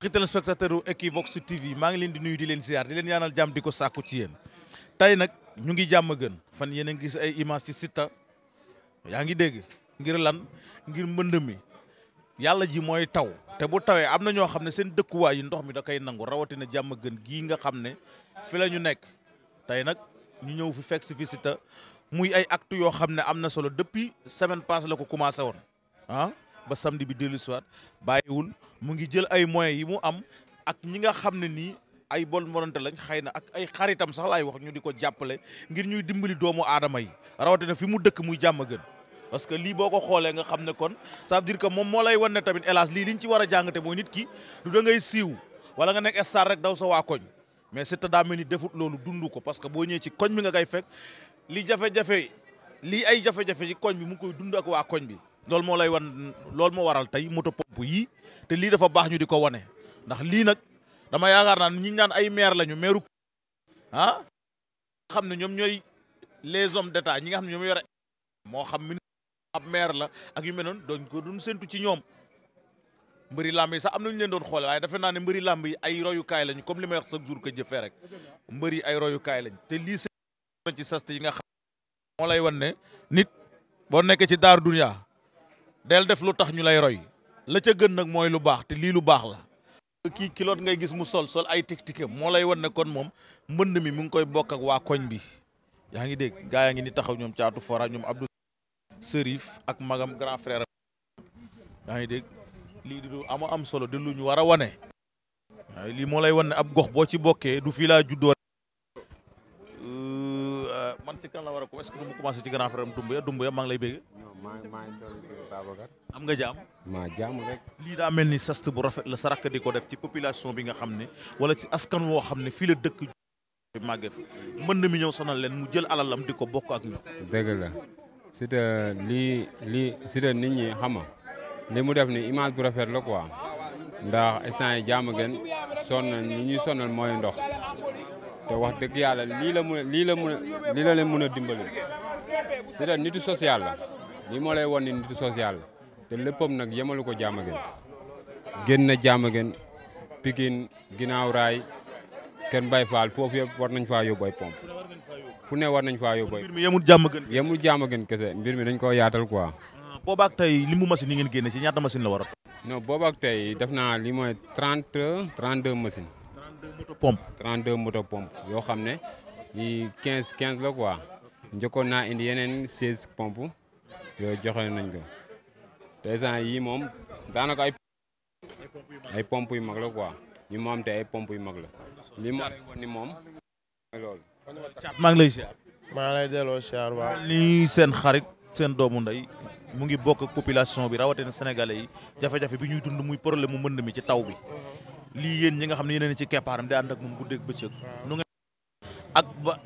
mbokki téléspectateur u Equivox TV maa ngi leen di nuyu di leen ziar di leen yaanal jàmm di ko sàkku ci yéen tey nag ñu ngi jàmm gën fan yéen a gis ay image ci Siteu yaa ngi dégg ngir lan ngir mbënd mi yàlla ji mooy taw te bu tawee am na ñoo xam ne seen dëkkuwaay yi ndox mi da koy nangu rawatina jàmm gën gii nga xam ne fi la ñu nekk tey nag ñu ñëw fi fekk si fi Siteu muy ay actes yoo xam ne am na solo depuis semaine passée la ko commencé woon ah ba samedi bi dellu siwaat bàyyiwul mu ngi jël ay moyens yi mu am ak ñi nga xam ne nii ay bon volonté lañ xëy na ak ay xaritam sax laay wax ñu di ko jàppale ngir ñuy dimbali doomu aadama yi rawatina fi mu dëkk muy jàmm gën parce que lii boo ko xoolee nga xam ne kon sa veut dire moom moo lay wan ne tamit hélas lii liñ ci war a jàngate mooy nit ki du da ngay siiw wala nga nekk star rek daw sa waa koñ mais c'est daa mel ni defut loolu dund ko parce que boo ñëwee ci koñ bi nga koy fekk li jafe lii ay jafe-jafe ci bi mu ngi koy dund waa koñ bi loolu moo lay wan loolu moo waral tey moto pompe yii te lii dafa baax ñu di ko wane ndax lii nag dama yaakaar naa ñi naan ay meer lañu maire ah xam ne ñoom ñooy les hommes deta ñi nga xam ne ñoom yore moo xam ministre ab maire la ak yu mel noonu doñ ko doon séntu ci ñoom mbëri làmb yi sax am nañu leen doon xoole waaye defe naa ne mbari làmb yi ay royukaay lañ comme li may wax chaque jour que jëfee rek mbëri ay royukaay lañ te lii seen ci sast yi nga xam moo lay wan ne nit boo nekkee ci daar dunya del def lu tax ñu lay roy la ca gën nag mooy lu baax te lii lu baax la kii kiloot ngay gis mu sol sol ay tik-tikem moo lay wan ne kon moom mbënd mi mu ngi koy bokk ak waa koñ bi yaa ngi dégg gaa yaa ngi ni taxaw ñoom caatu fora ñoom Abdou Serif ak magam grand frère yaa ngi dégg lii di lu ama am solo di lu ñu war a wane waaye lii moo lay wan ne ab gox boo ci bokkee du fii laa juddoo ban ci kan la war a ko am nga jaam. maa lii daa mel ni sast bu rafet la sa rakk di ko def ci population bi nga xam ne wala ci askan woo xam ne fii la dëkk. màggee fi mën mi ñëw sonal leen mu jël alalam di ko bokk ak ñoom. dëgg la si te lii lii si nit ñi xama li mu def ni image bu rafet la ko ndax instant yi jaamu ngeen sonal ñi ñuy sonal mooy ndox. te wax dëgg yàlla lii la mën lii la mën lii leen mën a dimbali c'est-à-dire nitu social la lii moo lay won ni nitu social la te léppam nag yemalu ko Diamaguène génn na Diamaguène Pikine ginnaaw raay kenn bay faal foofu yëpp war nañ faa yóbbu ay pompe fu ne nañ faa yóbbu ay. mbir mi yemul Diamaguène. yemul Diamaguène kese mbir mi dañ koo yaatal quoi. Ah, boobaak tey limu masin yi ngeen génne ci ñaata machine la war a. non boobaak tey def naa li mooy deux machines. 32 moto pompe. 32 moto pompe yoo xam ne yii 15 15 la quoi njëkkoon na indi yeneen 16 pompe yooyu joxe nañ ko te saa yii moom daanaka ay. ay pompe yu mag la quoi ñu mu te ay pompe yu mag la li ma lay ni moom loolu. maa ngi lay ziar. maa lay delloo lii seen xarit seen doomu ndey mu ngi bokk population bi rawatina sénégalais yi jafe-jafe bi ñuy dund muy problème mu mënd mi ci taw bi mhm. lii yéen ñi nga xam ne yéen ci keppaaram di ànd ak moom guddeeg bëccëg. nu ngeen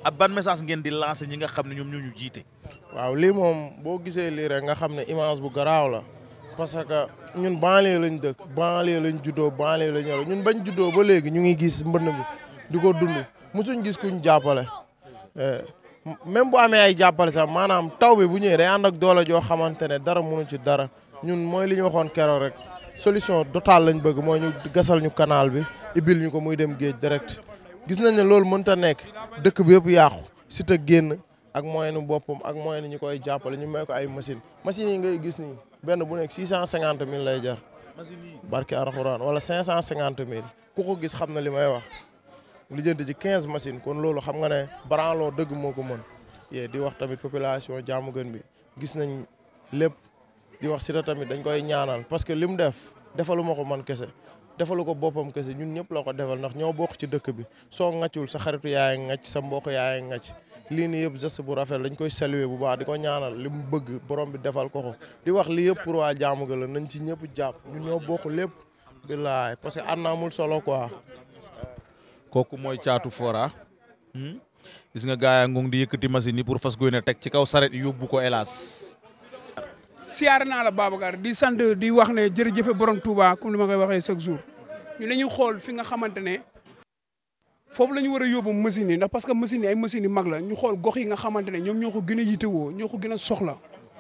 ak ban message ngeen di lancer ñi nga xam ne ñoom ñoo ñu jiite. waaw lii moom boo gisee lii nga xam ne image bu garaaw la parce que ñun banlieue lañ dëkk banlieue lañ juddoo banlieue lañ yore ñun bañ juddoo ba léegi ñu ngi gis mbënd mi di ko dund mosuñ gis kuñ jàppale. Eh, même bu amee ay jàppale sax maanaam taw bi bu ñëwee day ànd ak doole joo xamante ne dara mënu ci dara ñun mooy li ñu waxoon keroog rek. solution totale lañ bëgg mooy ñu gasal ñu kanaal bi ibil ñu ko muy dem géej direct gis nañ ne loolu mënta nekk dëkk bi yëpp si Siteu génn ak nu boppam ak moyenu ñu koy jàppale ñu may ko ay machine machines yi ngay gis nii benn bu nekk six cent cinquante mille lay jar barki Alxuraan wala cinq cent cinquante mille ku ko gis xam na li may wax li jënd ci quinze machines kon loolu xam nga ne branloo dëgg moo ko mën yee di wax tamit population jaamu gën bi gis nañ lépp di wax Siteu tamit dañ koy ñaanal parce que li mu def defalu ma ko man kese defalu ko boppam kese ñun ñëpp la ko defal ndax ñoo bokk ci dëkk bi soo ŋàccul sa xaritu yaay ŋàcc sa mbokk yaay ŋàcc lii nii yëpp geste bu rafet dañ koy saluer bu baax di ko ñaanal li mu bëgg borom bi defal ko ko di wax li yëpp pour waa jaamu ga la nañ ci ñëpp jàpp ñun ñoo bokk lépp billaay parce que naa mul solo quoi. kooku mooy caatu fora hmm? gis nga gaay a ngi di yëkkati machine yi pour fas goy teg ci kaw saret yóbbu ko hélas siyaare naa la Babacar di sant di wax ne jërëjëfe borom Touba comme ni ma koy waxee chaque jour ñu nañu xool fi nga xamante ne foofu la ñu war a yóbbu machine yi ndax parce que machine machine yi mag la ñu xool gox yi nga xamante ne ñoom ñoo ko gën a yitewoo ñoo ko gën a soxla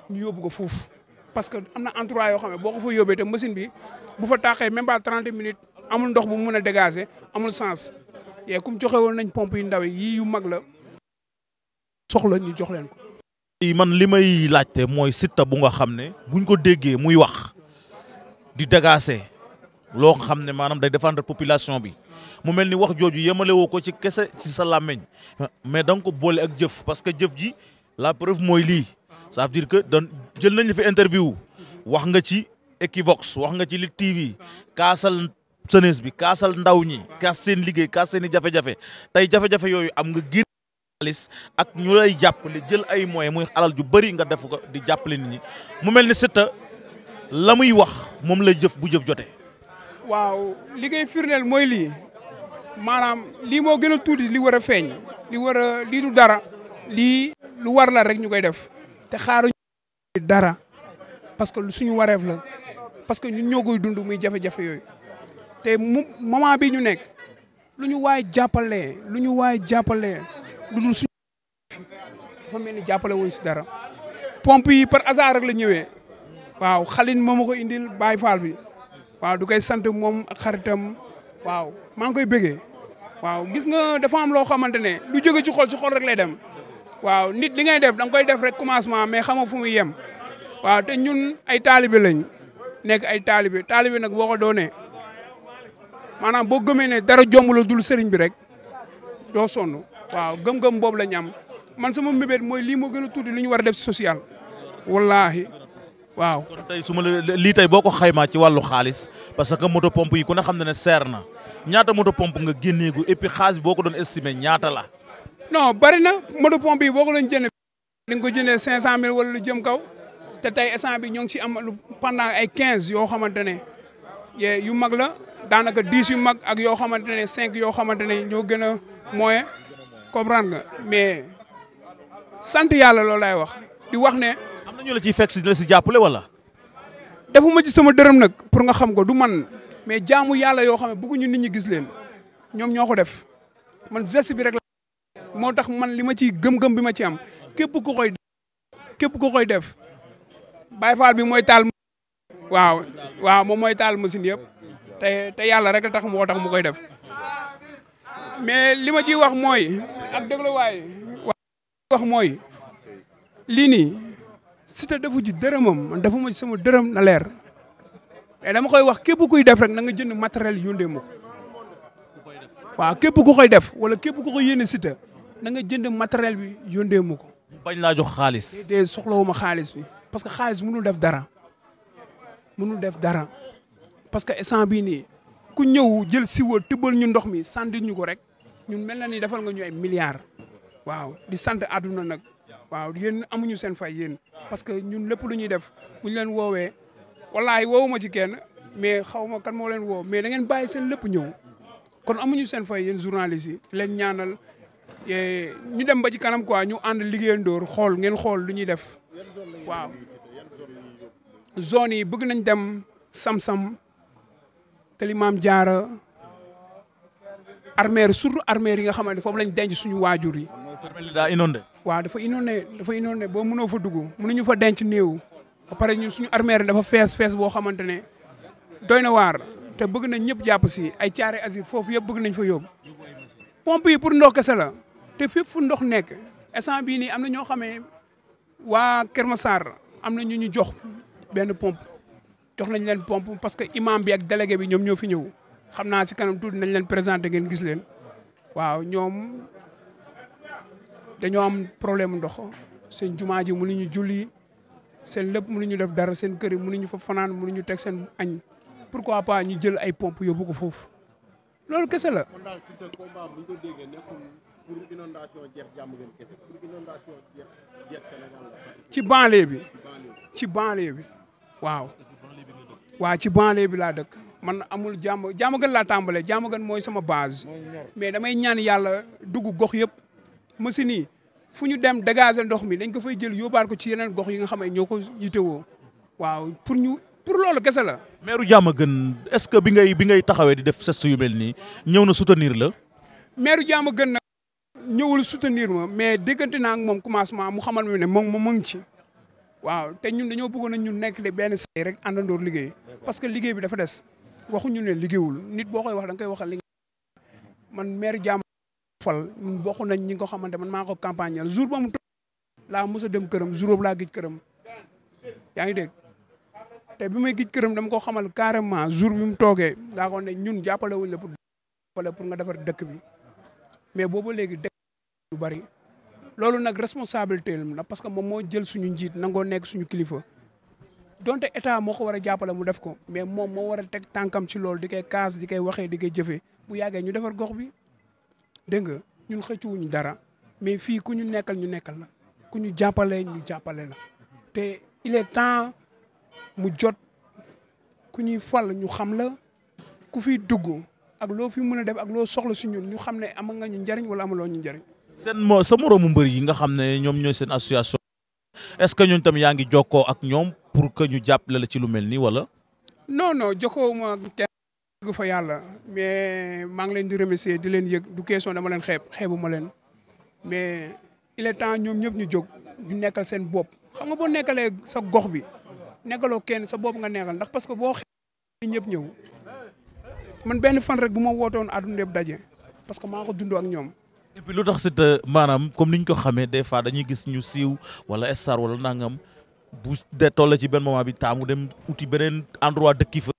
ñu yóbbu ko foofu parce que am na endroit yoo xam ne boo ko fa yóbbee te machine bi bu fa taaxee même pas 30 minutes amul ndox bu mun a dégagé amul sens yee comme joxe woon nañ pompe yu ndawe yi yu mag la soxla ñu jox leen ko man li may laajte mooy Siteu bu nga xam ne buñ ko déggee muy wax di dagaase loo xam ne maanaam day défendre population bi mu mel ni wax jooju yemale ko ci kese ci sa làmmiñ mais da ko boole ak jëf parce que jëf ji la preuve mooy lii ça veut dire que dan jël nañ la fi interview wax nga ci Equivox wax nga ci Lutte TV kaasal jeunesse bi kaasal ndaw ñi kaas seen liggéey kaas seen i jafe-jafe tey jafe-jafe yooyu am nga xaalis ak ñu lay jàppale jël ay moyens muy alal ju bari nga def ko di jàppale nit ñi mu mel ni Siteu la muy wax moom la jëf bu jëf jotee. waaw li ngay firndeel mooy lii maanaam lii moo gën a tuuti li war a feeñ li war a lii du dara lii lu war la rek ñu koy def te xaaruñu dara parce que suñu wareef la parce que ñu ñoo koy dund muy jafe-jafe yooyu te mu moment bi ñu nekk lu ñu waay jàppalee lu ñu waay jàppalee lu dafa mel ni jàppale si dara pompe par hasard rek la ñëwee waaw xalin moom ko indil Baye Fall bi waaw du koy sant moom ak xaritam waaw maa ngi koy bëggee waaw gis nga dafa am loo xamante ne lu jóge ci xol ci xol rek lay dem waaw nit li ngay def danga koy def rek commencement mais xam nga fu muy yem waaw te ñun ay taalibe lañ nekk ay taalibe taalibe nag boo ko doonee maanaam boo gëmee ne dara jomb la dul sëriñ bi rek doo sonn waaw gëm-gëm boobu lañ am man sama mébét mooy lii moo gën a tuuti lu ñu war a def social wallaahi waaw. kon su ma la lii tey boo ko xaymaa ci wàllu xaalis parce que moto pompe yi ku ne xam na ne seer na ñaata moto pompe nga génneegu et puis boo ko doon estimé ñaata la. non bari na moto pompe yi boo ko doon jëndee. di nga ko jëndee 500000 wala lu jëm kaw te tey instant bi ñoo ngi si am lu ay 15 yoo xamante ne yu mag la daanaka 10 yu mag ak yoo xamante ne 5 yoo xamante ne ñoo gën a moyen. comprendre nga mais sant yàlla loolu laay wax di wax ne. am na ñu la ciy fekk si la si jàppale wala. defuma ci sama dërëm nag pour nga xam ko du man mais jaamu yàlla yoo xam ne bëgguñu ni ñi gis leen ñoom ñoo ko def man geste bi rek la. moo tax man li ma ciy gëm bi ma ci am képp ku koy ku koy def Baay Faal bi mooy taal. waaw waaw moom mooy taal machine yëpp te te yàlla rek tax mu moo tax mu koy def. mais li ma ciy wax mooy ak dégluwaay wax mooy lii nii Siteu defu ji dërëmam man defu ma ci sama dërëm na leer mais dama koy wax képp kuy def rek na nga jënd matériel yóndee ma ko waaw képp ku koy def wala képp ku koy yéene Siteu na nga jënd matériel bi yóndee ma ko bañ laa jox xaalis dee soxlawuma xaalis bi parce que xaalis mënul def dara mënul def dara parce que instant bii nii ku ñëw jël siwa tëbbal ñu ndox mi sànni ñu ko rek ñun mel na ni defal nga ñu ay milliards waaw di sant àdduna nag waaw yéen amuñu seen fay yéen parce que ñun lépp lu ñuy def bu ñu leen woowee wallaay woowuma ci kenn mais xaw ma kan moo leen woo mais da ngeen bàyyi seen lépp ñëw kon amuñu seen fay yéen journalistes leen ñaanal ñu dem ba ci kanam quoi ñu ànd liggéeyandoor xool ngeen xool lu ñuy def waaw zone yi bëgg nañ dem sam li maam jaar armeer surtout armeer yi nga xamante foofu lañ denc suñu waajur yi. armeer daa inondé. dafa inondé dafa inondé boo mënoo fa dugg mënuñu fa denc néew. ba pare ñun suñu armeer dafa fees fees boo xamante ne doy na waar te bëgg nañ ñëpp jàpp si ay caare asir foofu yëpp bëgg nañ fa yóbbu. pompe yi pour ndox kese la te fépp fu ndox nekk instant bii nii am na ñoo xamee waa Kër Massar am na ñu ñu jox benn pompe. jox nañ leen pompe parce que imam bi ak délégué bi ñoom ñoo fi ñëw xam naa si kanam tuuti nañ leen présente ngeen gis leen waaw ñoom dañoo am problème ndox seen jumaa ji mënuñu julli seen lépp ñu def dara seen kër yi mënuñu fa fanaan ñu teg seen añ pourquoi pas ñu jël ay pomp yóbbu ko foofu loolu kese la. kon daal Siteu combat bu ñu ko déggee jàmm ngeen kese pour inondation jeex ci banlieue bi ci banlieue bi waaw. waa ci banlieue bi laa dëkk man amul jàmm jàmm gën laa tàmbale jàmm gën mooy sama base. mais damay ñaan yàlla dugg gox yëpp. machine yi fu ñu dem dégager ndox mi dañ ko fay jël yóbbaal ko ci yeneen gox yi nga xam ne ñoo ko yitewoo waaw pour ñu pour loolu kese la. meeru jàmm gën est-ce que bi ngay bi ngay taxawee di def geste yu nii ñëw na sutenir la. meeru jàmm gën nag ñëwul soutenir ma mais déggante naa ak moom commencement mu xamal ma ne moom ma ngi ci. waaw te ñun dañoo bëggoon a ñun nekk de benn say rek àndandoor liggéey parce que liggéey bi dafa des waxuñu ne liggéeyul nit boo koy wax da nga koy waxal li man maire jàmm fal ñun nañ ñi nga xamante man maa ko campagne al jour ba mu laa mos dem këram jour laa gij këram yaa ngi dégg te bi may gij këram dama ko xamal carrément jour bi mu toogee daa ko ne ñun jàppale wuñ la pour pour nga defar dëkk bi mais boobu léegi dëkk lu bari loolu nag responsabilité la parce que moom moo jël suñu njiit nangoo nekk suñu kilifa donte état moo ko war a jàppale mu def ko mais moom moo war a teg tànkam si loolu di koy kaas di koy waxee di kay jëfee bu yàggee ñu defar gox bi dégg nga ñun xëccuwuñu dara mais fii ku ñu nekkal ñu nekkal la ku ñu jàppale ñu jàppale la te il est temps mu jot ku ñuy fal ñu xam la ku fiy dugg ak loo fi mun a def ak loo soxla si ñun ñu xam ne am nga ñu njëriñ wala amaloo ñu njëriñ seen moo sa moroomu mbër yi nga xam ne ñoom ñooy seen association. est-ce que ñun tam yaa ngi jokkoo ak ñoom pour que ñu jàppale la ci lu mel nii wala. non non jokkoowuma kenn fa yàlla mais maa ngi leen di remercier di leen yëg du question dama leen xeeb ma leen mais il est temps ñoom ñëpp ñu jog ñu nekkal seen bopp xam nga boo nekkalee sa gox bi nekkaloo kenn sa bopp nga nekkal ndax parce que boo xeebee ñëpp ñëw man benn fan rek bu ma wootoon àdduna yëpp daje parce que maa dundoo ak ñoom. et puis lu tax Siteu maanaam comme ni ñu ko xamee des fois dañuy gis ñu siiw wala star wala nangam bu de toll ci benn moment bi taamu dem uti beneen endroit dëkki fa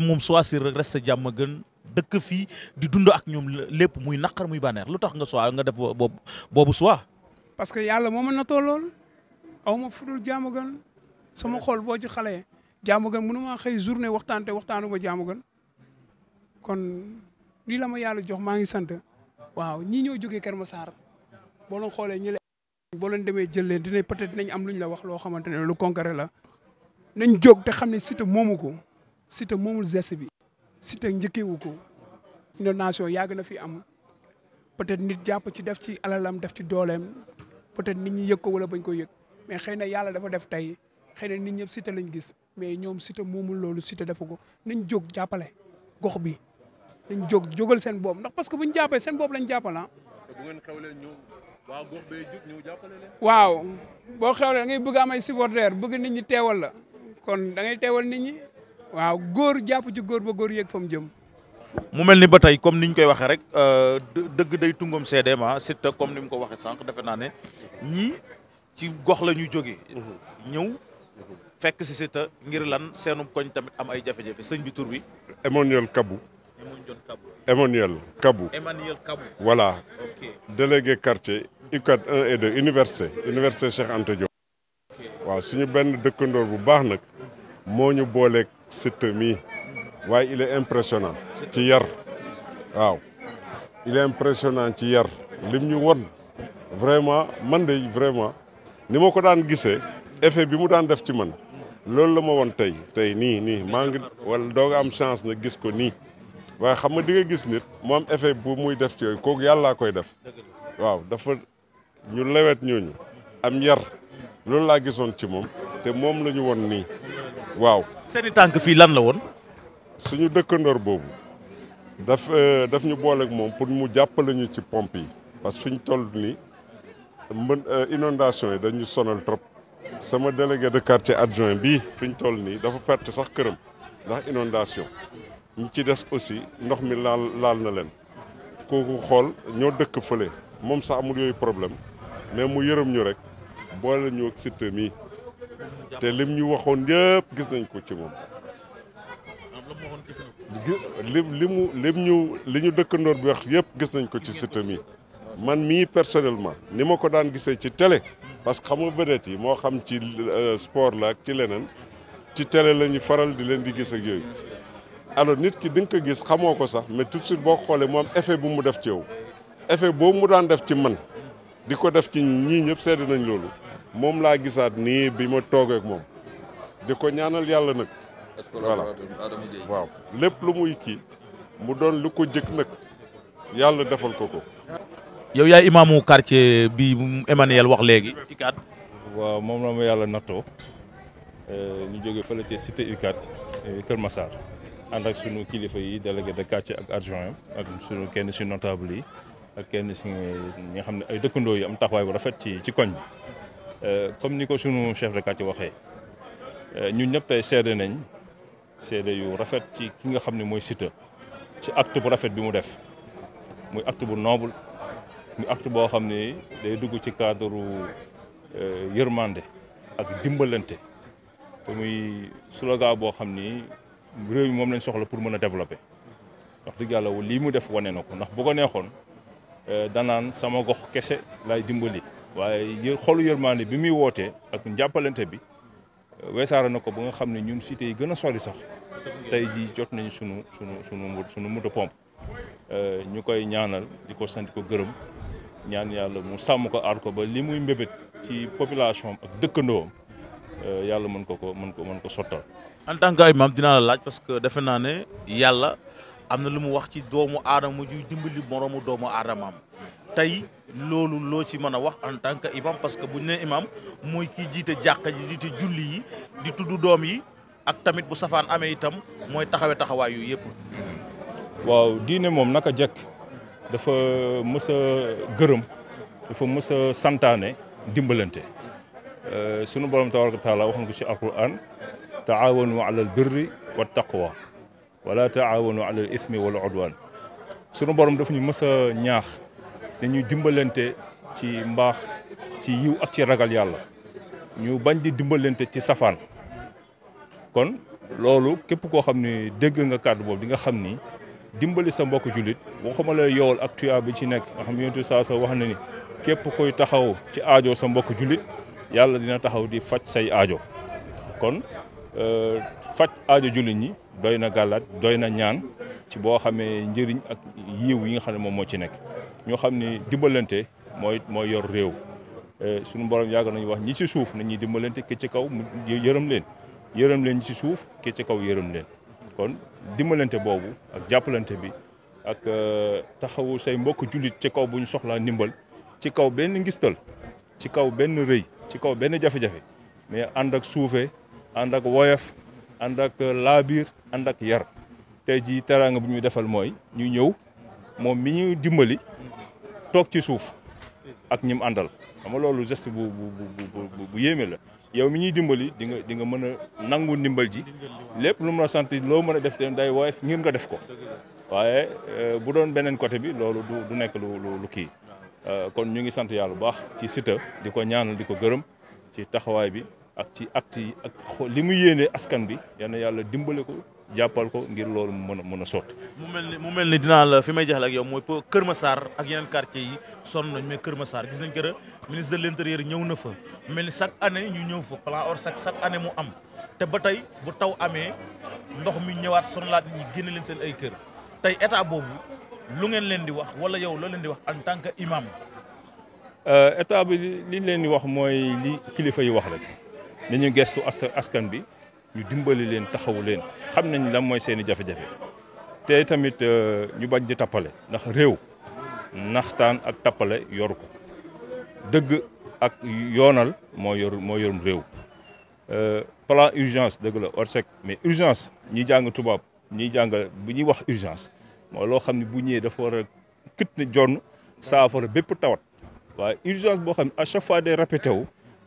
moom choisir rek reste jàmm gën dëkk fii di dund ak ñoom lépp muy naqar muy bànneex lu tax nga soi nga def boobu boobu soi parce que yàlla moo ma natoo lool aw ma fudul jàmm gën sama xol boo ci xale jàmm gën mënu maa xëy journée waxtaan te waxtaanu ma jàmm kon lii la ma yàlla jox maa ngi sant waaw ñii ñoo jógee Kër Massar boo leen xoolee ñu leen boo leen demee jël leen dinañ peut-être dinañ am lu ñu la wax loo xamante ne lu concret la nañ jóg te xam ne Siteu moomu ko Siteu moomul geste bi Siteu njëkkeewu ko inondation yàgg na fi am peut-être nit jàpp ci def ci alalam def ci dooleem peut-être nit ñi yëg ko wala bañ koy yëg mais xëy na yàlla dafa def tey xëy na nit ñëpp Siteu lañ gis mais ñoom sita moomul loolu Siteu defu ko nañ jóg jàppale gox bi dañ jóg jógal seen bopp ndax que bu ñu jàppee seen bopp lañ jàppal ah. bu ngeen ñu waa gox bee jàppale waaw boo xewlee ngay bëgg am ay supporters bëgg nit ñi teewal la kon da ngay teewal nit ñi waaw góor jàpp ci góor ba góor yéeg fa mu jëm. mu mel ni ba tey comme ni ñu koy waxee rek euh, dëgg day tungam seede ma ah, comme ni mu ko waxee sànq defe naa ne ñii ci gox la jóge jógee. Mhm. ñëw fekk si Siteu ngir lan seenu koñ tamit am ay jafe-jafe sëñ bi tur bi. Emmanuel Kabou. Emmanuel Kabou. Emmanuel Voilà. Okay. Délégué quartier UCAD 1 et 2 université université Cheikh Anta Diop. waaw suñu benn dëkkandoor bu baax nag moo ñu booleeg Siteu mii waaye il est impressionnant ci yar waaw il est impressionnant ci yar lim ñu won vraiment man de vraiment ni ma ko daan gisee effet bi mu daan def ci man loolu la moo won tey tey nii nii maa ngi wala doog am chance na gis ko nii waaye xam nga di nga gis nit moom am effet bu muy def ci yooyu kooku yàllaa koy def waaw dafa ñu lewet ñooñu am yar loolu laa gisoon ci moom te moom la ñu won nii waaw. seeni tànk fii lan la woon. suñu dëkkandoor boobu daf euh, daf ñu booleek moom pour mu jàppale ñu ci pompe yi parce que fi ñu toll nii mën euh, inondation yi dañu sonal trop sama délégué de quartier adjoint bii fi ñu toll nii dafa perte sax këram ndax inondation ñi ci des aussi ndox mi laal laal na leen kooku xool ñoo dëkk fële moom sax amul yooyu problème mais mu yërëm ñu rek boole ñu ak Siteu te lim ñu waxoon yëpp gis nañ ko ci moom li li mu lim ñu li ñu dëkkandoor bi wax yëpp gis nañ ko ci Siteu mii man mii personnellement ni ma ko daan gisee ci tele parce que xam nga vedette yi moo xam ci euh, sport la ci leneen ci télé la ñu faral di leen di gis ak yooyu alors nit ki di nga ko gis xamoo ko sax mais tout boo xoolee moom effet bu mu def ci yow effet boobu mu daan def ci man di ko def ci ñii ñëpp seede nañ loolu moom laa gisaat nii bi ma toogee ak moom di ko ñaanal yàlla nag. waaw lépp lu muy kii mu doon lu ko jëkk nag yàlla defal ko ko. yow yaay imaamu quartier bi Emmanuel wax léegi. UCAD waaw moom la ma yàlla nattoo euh, ñu jógee fële ci cité UCAD euh, Kër Massar. ànd ak sunu kilifa yi délégué de quartier ak adjoint ak sunu kenn si notable yi ak kenn si ñi nga xam ne ay dëkkandoo yi am taxawaay bu rafet ci ci koñ bi euh, comme ni ko sunu chef de quartier waxee euh, ñun ñëpp tey seede nañ seede yu rafet ci ki nga xam ne mooy Siteu ci acte bu rafet bi mu def muy acte bu noble muy acte boo xam ne day dugg ci cadre euh, yërmande ak dimbalante te muy slogan boo xam ni réew moom lañ soxla pour mën a développer wax dëgg yàlla lii mu def wane na ko ndax bu ko neexoon euh, danaan sama gox kese lay dimbali. waaye yë xolu yërmaande bi muy wootee ak njàppalante bi euh, weesaara na ko ba nga xam ne ñun cité yi gën a sori sax tey jii jot nañ sunu sunu sunu sunu moto pompe euh, ñu koy ñaanal di ko santi ko gërëm ñaan yàlla mu sàmm ko aar ko ba li muy mbébét ci population ak dëkkandoom Euh, yàlla mën ko ko mën ko mën ko sottal. en tant que imam dinaa la laaj parce que defe naa ne yàlla am na lu mu wax ci doomu aadama juy dimbali moroomu doomu aadamaam tey loolu loo ci mën a wax en tant que parce que bu ñu nee imam mooy kii jiite jàkka ji jiite julli yi di tudd doom yi ak tamit bu safaan amee itam mooy taxawe taxawaay yu yëpp. waaw diine moom naka jekk dafa mës gërëm dafa mës santaane dimbalante. Eh, sunu borom tabaraka taala wax na ko ci alquran taawanu ala al birri wa taqwa wala taawanu ala al ithmi wal udwan sunu borom daf ñu mës a ñaax dañuy dimbalante ci mbaax ci yiw ak ci ragal yàlla ñu bañ di dimbalante ci safaan kon loolu képp koo xam ni dégg nga kàddu boobu di nga xam ni dimbali sa mbokk jullit waxuma la yool ak tuyaa bi ci nekk nga xam yonent saa sa wax na ni képp koy taxaw ci aajo sa mbokk jullit yàlla dina taxaw di faj say ajo kon euh, faj aajo jullit ñi doy na gàllaat doy na ñaan ci boo xamee njëriñ ak yiw yi nga xam ne moom moo ci nekk ñoo xam ne dimbalante mooy mooy yor réew euh, suñu borom yàgg nañu wax ñi si suuf nañuy dimbalante ki ci kaw yërëm leen yërëm leen ñi ci suuf ki ci kaw yërëm leen kon dimbalante boobu ak jàppalante bi ak euh, taxawu say mbokk jullit ci kaw bu ñu soxlaa ndimbal ci kaw benn ngistal ci kaw benn rëy ci kaw jafe-jafe mais ànd ak suufee ànd ak woyof ànd ak laabiir ànd ak yar tey jii teraanga bu ñu defal mooy ñu ñëw moom mi ñu dimbali toog ci suuf ak ñim àndal ama loolu geste bu bu bu bu yéeme la yow mi ñuy dimbali di nga di nga mën a nangu ndimbal ji lépp lu mën a sant loo mën a def te day woyof ngir nga def ko waaye euh, bu doon beneen côté bi loolu du du lu lu kii. Euh, kon ñu ngi sant yàlla bu baax ci Siteu di ko ñaanal di ko gërëm ci taxawaay bi ak ci acte yi ak li mu yéene askan bi yenn yàlla dimbale ko jàppal ko ngir loolu mu mën a mën a sotti. mu mel ni mu mel ni dinaa la fi may jaxle ak yow mooy Kër ma saar ak yeneen quartier yi sonn nañ mais Kër ma saar gis nañ que ministre de l'intérieur ñëw na fa mel ni chaque année ñu ñëw fa plan or chaque chaque année mu am te ba tey bu taw amee ndox mi ñëwaat sonalaat ñi génne leen seen ay kër tey état lu ngeen leen di wax wala yow loo leen di wax en tant que imam. Euh, état bi li leen di wax mooy li kilifa yi wax rek nañu gestu askan bi ñu dimbali leen taxawu leen xam nañ lan mooy seen i jafe-jafe te tamit euh, ñu bañ di tappale ndax réew naxtaan ak tappale yoru ko dëgg ak yoonal moo moo yorum réew. Euh, plan urgence dëgg la Orsec mais urgence ñi jàng tubaab ñi jàng bu ñuy wax urgence. mooy xam ne bu ñëwee dafa war a kit ne jon saafara bépp tawat waaye urgence boo xam ne à chaque fois day répété wu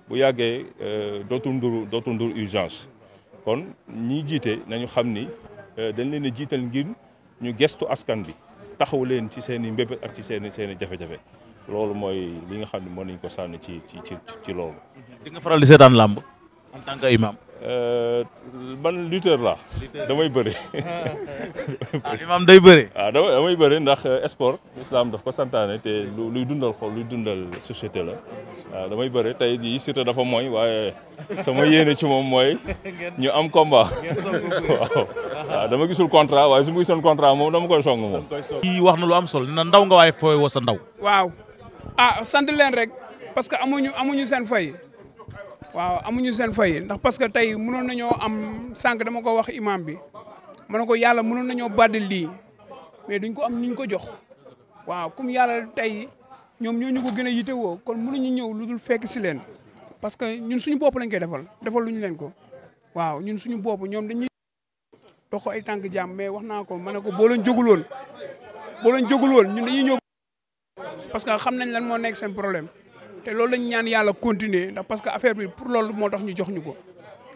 bu yàggee euh, dootul nduru dootul nduru urgence kon ñi jiite nañu xam ni euh, dañ leen a jiital ngir ñu gestu askan bi taxaw leen ci seen i mbébét ak ci seen seen i jafe-jafe loolu mooy li nga xam ne mën nañ ko sànni ci ci ci ci loolu. di nga faral di seetaan làmb en Euh, ban lutteur la damay bëri. Ah, imam day bëri. waaw ah, damay damay bëri ndax euh, sport islam daf ko santaane te luy dundal xol luy dundal société la waaw ah, damay bëri tey jii Siteu dafa mooy waaye sama yéene ci moom mooy ñu am combat waaw waaw dama gisul contrat waaye su ma gisoon contrat moom dama koy song moom. kii wax na lu am solo na ndaw nga waaye fooy woo sa ndaw. waaw ah sant leen rek parce amuñu seen fay. waaw amuñu seen fay ndax parce que tey mënoon nañoo am sànq dama ko wax imam bi ma ne ko yàlla mënoon nañoo baddi lii mais duñ ko am niñ ko jox waaw comme yàlla tey ñoom ñoo ñu ko gën a yitewoo kon mënuñu ñëw lu dul fekk si leen parce que ñun suñu bopp lañ koy defal defal ñu leen ko waaw ñun suñu bopp ñoom dañuy dox ay tànk jàmm mais wax naa ko ma ne ko boo leen jóguloon boo ñun dañuy ñëw parce que xam nañ lan moo nekk seen problème te loolu lañ ñaan yàlla continuer ndax parce que affaire bi pour loolu moo tax ñu jox ñu ko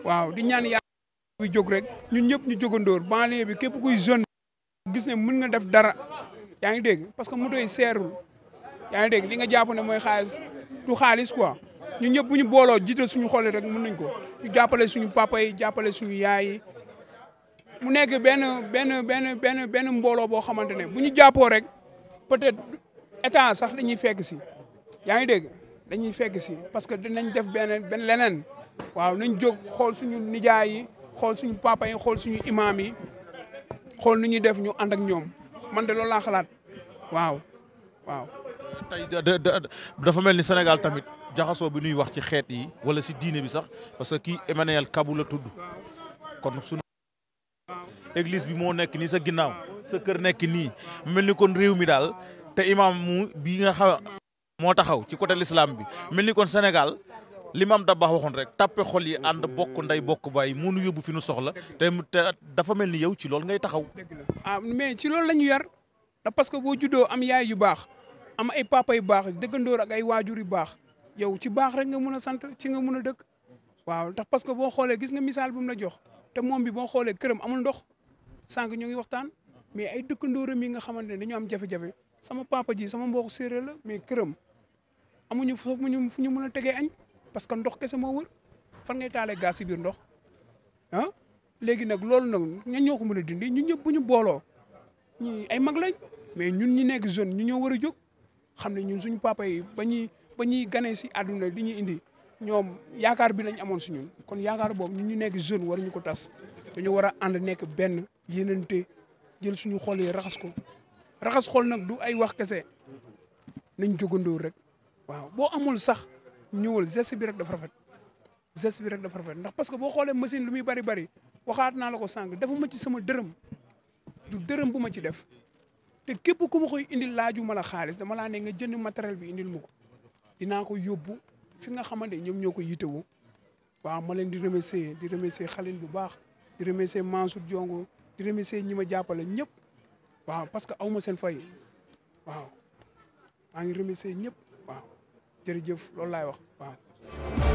waaw di ñaan yàlla bi jóg rek ñu ñëpp ñu jógandoor banlieue bi képp kuy jeune gis ne mun nga def dara yaa ngi dégg parce que moto yi seerul yaa ngi dégg li nga jàpp ne mooy xaalis du xaalis quoi ñun ñëpp bu ñu booloo jiital suñu xol rek mën nañ ko ñu jàppale suñu papa yi jàppale suñu yaay yi mu nekk benn benn benn benn benn mbooloo boo xamante ne bu ñu jàppoo rek peut-être état sax dañuy fekk si yaa ngi dañuy fekk si parce que dinañ def benn benn leneen waaw nañ jóg xool suñu nijaay yi xool suñu papa yi xool suñu imaam yi xool nu ñuy def ñu ànd ak ñoom man de loolu laa xalaat waaw waaw. tey dafa mel ni Sénégal tamit jaxasoo bi nuy wax ci xeet yi wala si diine bi sax parce que kii Emmanuel Kabou tudd kon su église bi moo nekk nii sa ginnaaw sa kër nekk nii mel ni kon réew mi daal te imaam mu bi nga moo taxaw ci côté lislaam bi mel ni kon Sénégal am da Dabakh waxoon rek tàppe xol yi ànd bokk ndey bokk baay mu nu yóbbu fi nu soxla te dafa mel ni yow ci loolu ngay taxaw. ah mais ci loolu la ñu yar parce que boo juddoo am yaay yu baax am ay papa yu baax dëggandoor ak ay waajur yu baax yow ci baax rek nga mun a sant ci nga mun a dëkk waaw ndax parce que boo xoolee gis nga misaal bu mu la jox te moom bi boo xoolee këram amul ndox sànq ñu ngi waxtaan mais ay dëkkandooram yi nga xamante ne dañoo am jafe-jafe sama papa ji sama mbokk séeréer la mais këram amuñu fu ñu fu ñu mën a tegee añ parce que ndox kese moo wër fan nga taalee gaz si biir ndox ah léegi nag loolu nag ñan ñoo ko mën a dindi ñun ñëpp bu ñu booloo ay mag lañ mais ñun ñi nekk jeune ñu ñoo war a jóg xam ne ñun suñu papa yi ba ñuy ba ñuy ganee si àdduna li ñuy indi ñoom yaakaar bi lañ amoon si ñun kon yaakaar boobu ñun ñu nekk jeune waruñu ko tas dañu war a ànd nekk benn yéenante jël suñu xol yi raxas ko raxas xol nag du ay wax kese nañ jógandoo rek waaw boo amul sax ñëwal geste bi rek dafa rafet geste bi rek dafa rafet ndax parce que boo xoolee machine lu muy bari bari waxaat naa la ko sànq dafa ma ci sama dërëm du dërëm bu ma ci def te képp ku ma koy indil laaju ma la xaalis dama laa nga jënd matériel bi indil ma ko dinaa ko yóbbu fi nga xamante ñoom ñoo ko yitewoo waaw ma leen di remercier di remercier Xaline bu baax di remercier Mansour jongo di remercier ñi ma jàppale ñëpp. waaw parce que aw ma seen fay waaw maa ngi remercier ñëpp waaw jërëjëf loolu laay wax waaw.